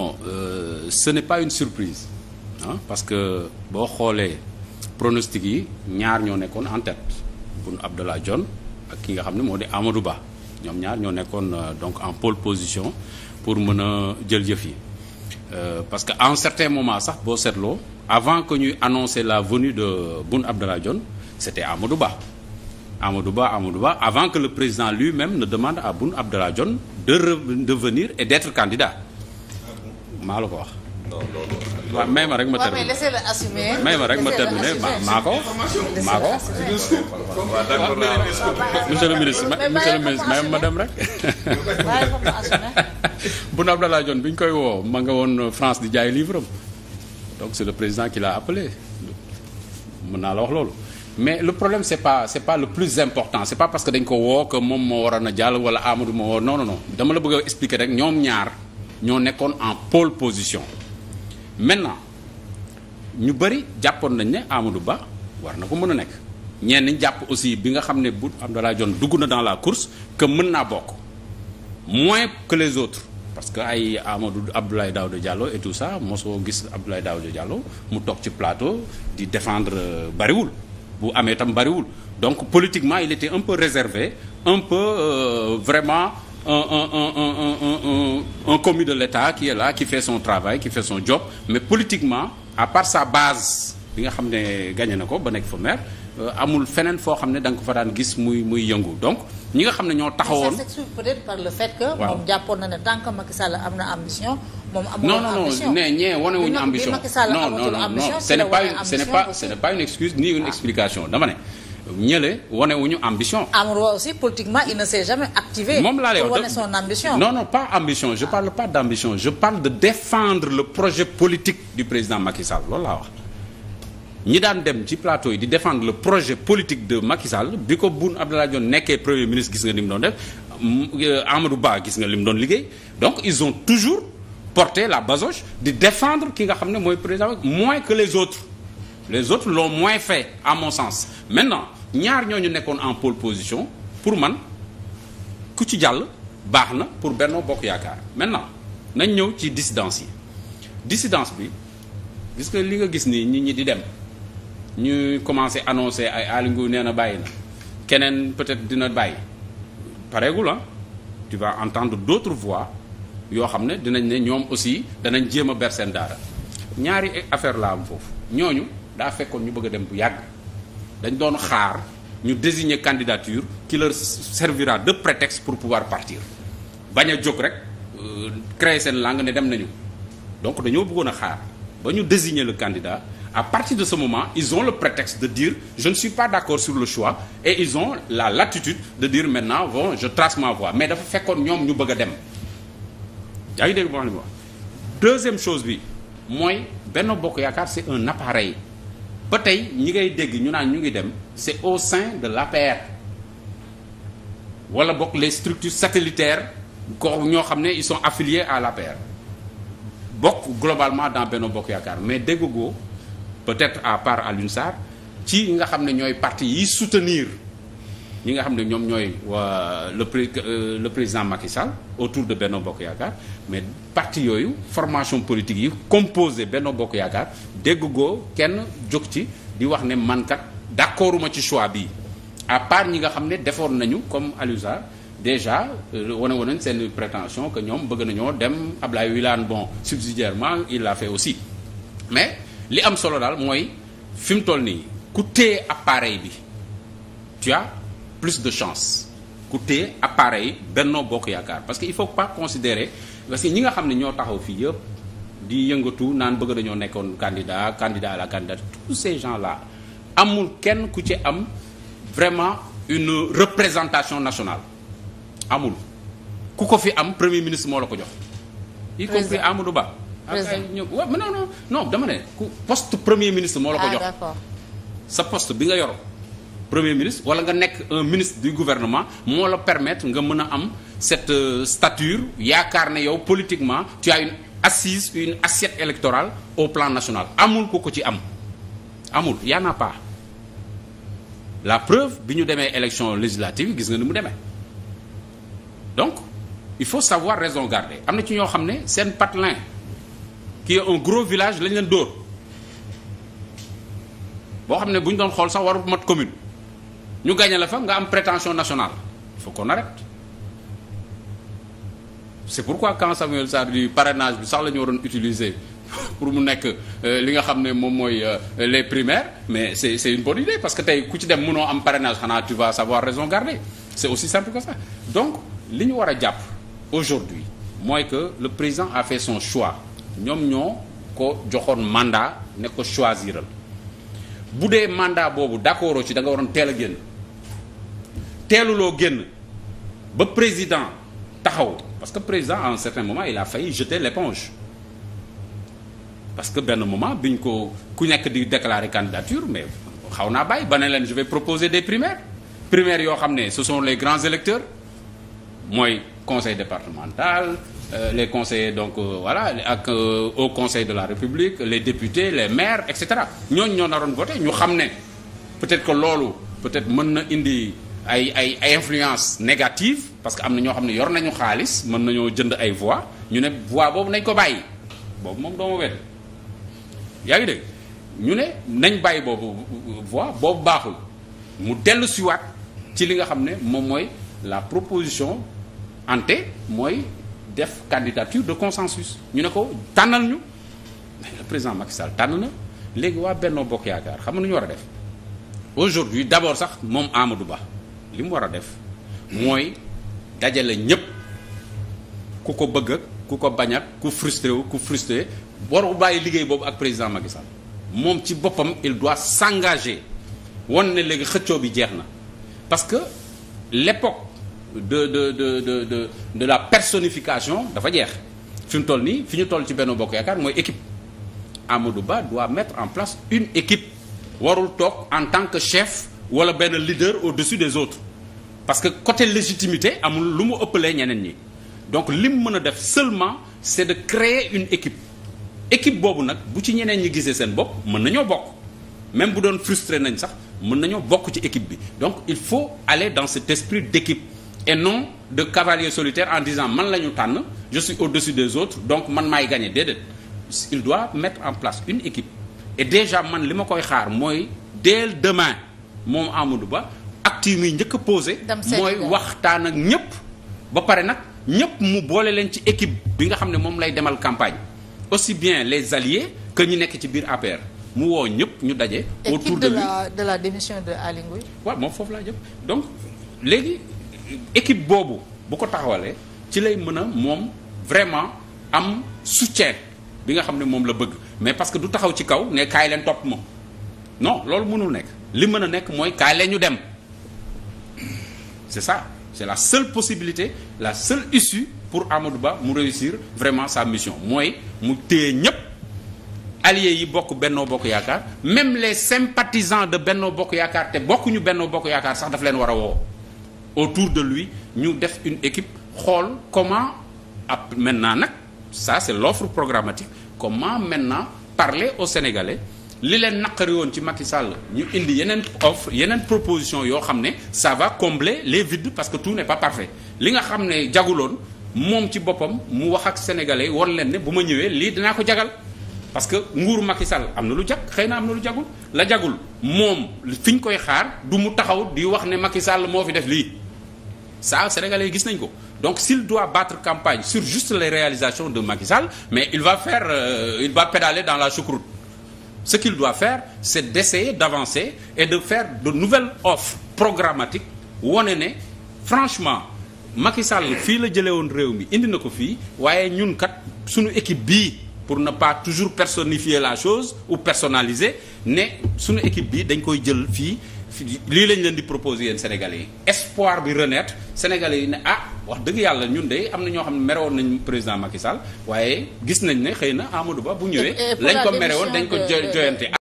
bon euh, ce n'est pas une surprise ah parce que boo xoolee pronostic yi ñaar ñoo nekkoon en tête Boun Abdallah Dionne ak ki nga xam ne moo de Amadou Ba ñoom ñaar ñoo nekkoon euh, donc en pole position pour mën a jël jëf yi euh, parce que en un certain moment sax boo seetloo avant que ñuy annoncer la venue de Boun Abdallah Dionne c'était Amadou Ba Amadou Ba Amadou Ba avant que le président lui-même ne demande à Boun Abdallah Dionne de de venir et d'être candidat maa la ko wax. waaw may ma rek ma terminé may ma rek ma terminé maa maa ko. monsieur le ministre monsieur ministre may ma dem rek. Boun Abdallah Dionne bi ñu koy woo ma nga woon France di jaay livre am donc c'est le président qui l'a appelé mën naa la wax loolu. mais le problème c'est pas c'est pas le plus important c'est pas parce que dañ ko woo que moom moo waroon a jàll wala Amadou moo woo non non dama la bëgg a expliquer rek ñoom ñaar. ñoo nekkoon en pole position maintenant ñu bëri jàppoon nañ ne Amadou Ba war na ko mën a nekk ñenn ñi jàpp aussi bi nga xam ne bu am Abdoulaye Dione dugg na dans la course que mën naa bokk moins que les autres parce que ay Amadou Abdoulaye Daouda Diallo et tout ça mosoo gis Abdoulaye Daouda Diallo mu toog ci plateau di défendre euh, bariwul bu amee tam bariwul donc politiquement il était un peu réservé un peu euh, vraiment un un un un un un de l'État qui est là qui fait son travail ki fait son job mais politiquement à part sa base bi nga xam ne gagné na ko ba nekk fa maire euh, amul feneen foo xam ne da ko fa daan gis muy muy yëngu donc ñi nga xam ne ñoo taxawoon. ça s'explique peut-être par le fait waaw moom jàppoon na ne tant que Macky Sall am na ambition. moom amul ambition non non ne nee wane wuñu ambition non non non ce n'est pas ce n'est pas une excuse ni une ah. explication dama ne. ñële wane wu ñu ambition. Amadou Wa aussi politiquement il ne s'est jamais activé. moom laa lay wax pour wane son ambition. non non pas ambition je parle pas d'ambition je parle de défendre le projet politique du président Macky Sall loolu laa wax. ñi daan dem ci plateau yi di défendre le projet politique de Macky Sall bi ko Boun Abdallah Dionne nekkee premier ministre gis nga ni mu doon def euh, Ba gis nga li mu doon liggéey donc ils ont toujours porté la basoche di défendre ki nga xam ne mooy président moins que les autres les autres l'ont moins fait à mon ñaar ñooñu nekkoon en pole position pour man ku ci jàll baax na pour Benno Bokk Yaakaar maintenant nañ ñëw ci dissidence yi dissidence bi gis que li nga gis nii nit ñi di dem ñu commencé annoncé ay Aliou nee na bàyyi na keneen peut-être dina bàyyi pareegul ah tu vas entendre d'autres yoo xam ne dinañ ne ñoom aussi danañ jéem a ber daara ñaari affaire la am foofu ñooñu daa fekkoon ñu bëgg a dem bu yàgg dañ doon xaar ñu désigner candidature qui leur servira de prétexte pour pouvoir partir bañ a jóg rek euh, créer seen langue ne dem nañu donc dañoo buggoon a xaar ba ñu désigner le candidat à partir de ce moment ils ont le prétexte de dire je ne suis pas d'accord sur le choix et ils ont la latitude de dire maintenant bon je trace ma voie mais dafa fekkoon ñoom ñu bëgga a dem yaa ngi dégg bu wax deuxième chose bi mooy benn Bokk Yaakaar c'est un appareil ba tey ñi ngay dégg ñu naan ñu ngi dem c'est au sein de l'APR wala bokk les structures satellitaires ko ñoo xam ne ils sont affiliés à l'APR bokk globalement dans Benno Bokk Yaakaar mais dégg goo peut-être à part Alioune Sarr ci nga xam ne ñooy parti yi soutenir ñi nga xam ne ñoom ñooy waa le pré euh, le président Macky Sall autour de Benno Bokk Yaakaar mais parti yooyu formation politique yi composé Benno Bokk Yaakaar dégg goo kenn jóg ci di wax ne man kat d'accorduma ci choix bi à part ñi nga xam ne defoon nañu comme Aliou Sarr déjà euh, wane woon nañ seen prétention que ñoom bëgg nañoo dem Ablaye Wilane bon subsidiairement il l'a fait aussi mais li am solo daal mooy fi mu toll nii ku téye bi tu plus de chance ku téye appareil Benno Bokk Yaakaar parce que il faut pas considérer parce que ñi nga xam ne ñoo taxaw fii yëpp di yëngatu naan bëgg dañoo nekkoon candidat candidat à la candidate tous ces gens là amul kenn ku ci am vraiment une représentation nationale amul ku ko fi am premier ministre moo la ko jox y compris Amadou Ba akay ñë waaw non non dama ne ku poste premier ministre moo la ko ah, jox sa poste bi nga yor premier ministre wala nga nekk un ministre du gouvernement moo la permettre nga mën a am cette euh, stature yaakaar ne yow politiquement tu as une assise une assiette électorale au plan national amul ku ko ci am amul y en a la preuve bi ñu demee élection législative gis nga ni mu demee donc il faut savoir raison garder am na ci ñoo xam ne seen patelin ki est un gros village lañ leen dóor boo xam ne bu ñu doon xool sax waru mat commune ñu gagné la fa nga am prétention nationale foo faut qu'on arrête c'est pourquoi quand Samuel Sarr di parrainage bi sax la ñu waroon utiliser pour mu nekk euh, li nga xam ne moom mooy euh, les primaires mais c'est c'est une bonne idée parce que tey ku ci dem mënoo am parrainage xanaa tu savoir raison garder c'est aussi simple que ça donc li ñu war a jàpp aujourd'hui mooy que le président a fait son choix ñoom ñoo ko joxoon mandat ne ko choisiral bu dee mandat boobu d'accord ci da waroon teel a génn teelu loo génn ba président taxaw parce que président à un certain moment il a failli jeter l'éponge parce que benn moment bi ñu ko ku nekk di déclarer candidature mais xaw naa bàyyi ba ne leen je vais proposer des primaires primaires yoo xam ne ce sont les grands électeurs mooy conseil départemental euh, les conseillers donc euh, voilà ak euh, au conseil de la république les députés les maires et cetera ñooñu ñoo naroon voté ñu xam ne peut-être que loolu peut-être mën na indi. ay ay influence négative parce que am na ñoo xam ne yor nañu xaalis mën nañoo jënd ay voix ñu ne voix boobu nañ ko bàyyi boobu moom dooma wedd yaa ngi dégg ñu ne nañ bàyyi boobu voix boobu baaxul mu dellu siwaat ci li nga xam ne moom mooy la proposition ante mooy def candidature de consensus ñu ne ko tànnal ñu le président Macky tànn na léegi waa Benno Bokk Yaakaar xam na ñu war a def aujourd'hui d'abord sax moom Amadou Ba li mu war a def mooy dajale ñëpp ku ko bëgg ku ko bañ ak ku frustré wu ku frustré waru bàyyi liggéey boobu ak président Macky moom ci boppam il doit s'engager won ne léegi xëccoo bi jeex na parce que l'époque de de de de de de la personnification dafa jeex fi mu toll nii fi ñu toll ci benn Bokk Yaakaar mooy équipe Amadou Ba doit mettre en place une équipe warul toog en tant que chef wala benn leader au-dessus des autres parce que côté légitimité amul lu mu ëppalee ñeneen ñi donc lim mën a def seulement c'est de créer une équipe équipe boobu nag bu ci ñeneen ñi gisee seen bopp mën nañoo bokk même bu doon frustré nañ sax mën nañoo bokk ci équipe bi donc il faut aller dans cet esprit d'équipe et non de cavalier solitaire en disant man la ñu tànn je suis au-dessus des autres donc man maay gagner déedéet il doit mettre en place une équipe et déjà man li ma koy xaar mooy dès demain moom Amadou Ba acte yi muy njëkk a posé mooy waxtaan ak ñëpp ba pare nag ñëpp mu boole leen ci équipe bi nga xam ne moom lay demal campagne aussi bien les alliés que ñu nekk ci biir APR mu wow ñëpp ñu daje autour de la de la démission de Aly Ngouille waaw moom foofu laa jëm donc léegi équipe boobu bu ko taxawalee ci lay mën a moom vraiment am soutien bi nga xam ne moom la bëgg mais parce que du taxaw ci kaw ne kaay leen topp ma non loolu mënul nekk li mën a nekk mooy kaale ñu dem c'est ça c'est la seule possibilité la seule issue pour Amadou Ba mu réussir vraiment sa mission mooy mu téye ñépp alliés yi bokk Benno Bokk Yaakaar même les sympathisants de Benno Bokk Yaakaar te bokkuñu Benno Bokk Yaakaar sax daf leen war a woo autour de lui ñu def une équipe xool comment ab maintenant nag ça c'est l'offre programmatique comment maintenant parler au Sénégalais li leen naqari woon ci Macky Sall ñu indi yeneen offre yeneen proposition yoo xam ne ça va combler les vides parce que tout ne pas parfait li nga xam ne jaguloon moom ci boppam mu wax ak sénégalais won leen ne bu ma ñëwee lii dinaa ko jagal parce que nguur Macky Sall am na lu jag xëy na am na lu jagul la jagul moom fi ñu koy xaar du mu taxaw di wax ne Macky Sall moo fi def lii ça sénégalais yi gis nañ ko donc s'il doit battre campagne sur juste les réalisations de Macky Sall mais va faire euh, dans la choucroute ce qu'il doit faire c'est d'essayer d'avancer et de faire de nouvelle offres programmatique wone ne franchement Macky Sall fii la jëlee woon réew mi indi na ko fii waaye ñun kat suñu équipe bii pour na pas toujours personnifier la chose ou personnaliser ne suñu équipe bii dañ koy jël fii lii lañ leen di proposer yéen Sénégalais yi espoir bi renaître Sénégalais yi ne ah wax dëgg yàlla ñun de am na ñoo xam ne merewoon nañ président Macky Sall waaye gis nañ ne xëy na Amadou Ba bu ñëwee lañ ko merewoon dañ ko joyante